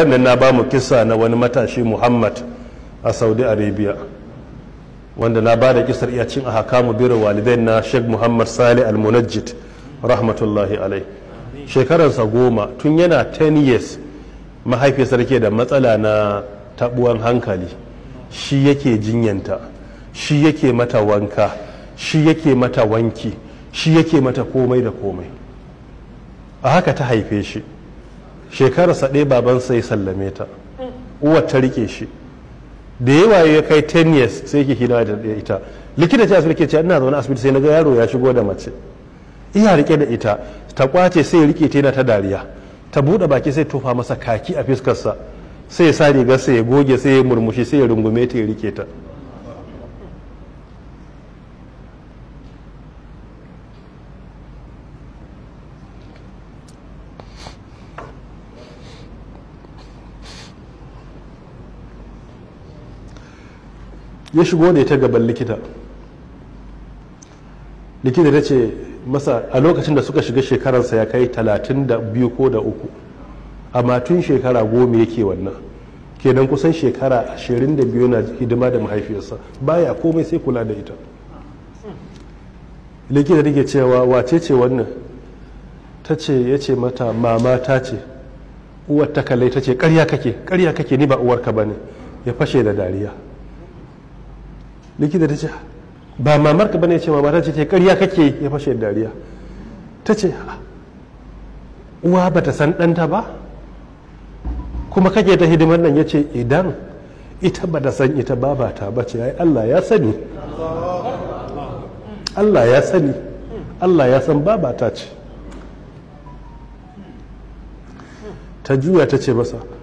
sannan na ba mu kisa na wani matashi muhammad a saudi arabia wanda na ba da kisar iya cin a mu biro walidai na sheikh muhammad sale al-munajjid rahmatullahi alai shekararsa goma tun yana 10 years mahaifiyarsa ke da matsala na tabuwan hankali shi yake jinyanta shi yake mata wanka shi yake mata wanki shi yake mata komai da komai a haka ta haife shi shekararsa ɗaya babansa ya sallame ta uwar ta rike shi da yawa ya kai 10 years sai yake hina da ita likita ce asibiti ce ina zaune asibiti sai na ga yaro ya shigo da mace iya rike da ita ta kwace sai ya rike ta yana ta dariya ta buɗe baki sai tofa masa kaki a fiskarsa sai ya sa rigar sai ya goge sai ya murmushi sai ya rungume ta ya rike ta ya shigo ne ta gaban likita likita ta ce masa a lokacin da suka shiga shekararsa ya kai talatin da biyu ko da uku amma tun shekara goma yake wannan kenan kusan shekara ashirin da biyu na hidima da mahaifiyarsa baya komai sai kula da ita likita take cewa wace ce wannan ta ce ya ce mata mama ta ce uwar ta kalai ta ce karya kake karya kake ni ba uwarka ba ne ya fashe da dariya likita ta ce ba mamarka bane ce mama ta ce karya ƙarya kake ya fashe dariya ta ce uwa ta san ɗanta ba kuma kake ta hidimar nan ya ce idan ita ba ta san ita ba ba ce ai Allah ya sani Allah ya sani Allah ya san babata ce ta juya ta ce masa